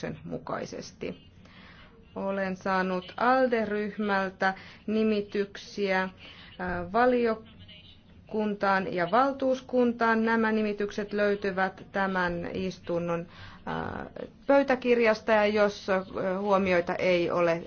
työjärjestyksen mukaisesti. Olen saanut ALDE-ryhmältä nimityksiä äh, valiokuntaan ja valtuuskuntaan. Nämä nimitykset löytyvät tämän istunnon äh, pöytäkirjasta ja jos äh, huomioita ei ole